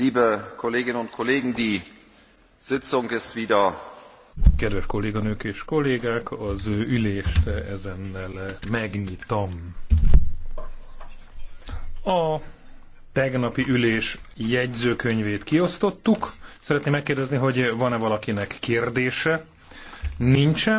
Liebe Kolleginnen und Kollegen, die Sitzung ist wieder. Kedves kolléganők és kollégák, az ülést ezennel megnyitom. A tegnapi ülés jegyzőkönyvét kiosztottuk. Szeretném megkérdezni, hogy van-e valakinek kérdése? Nincsen.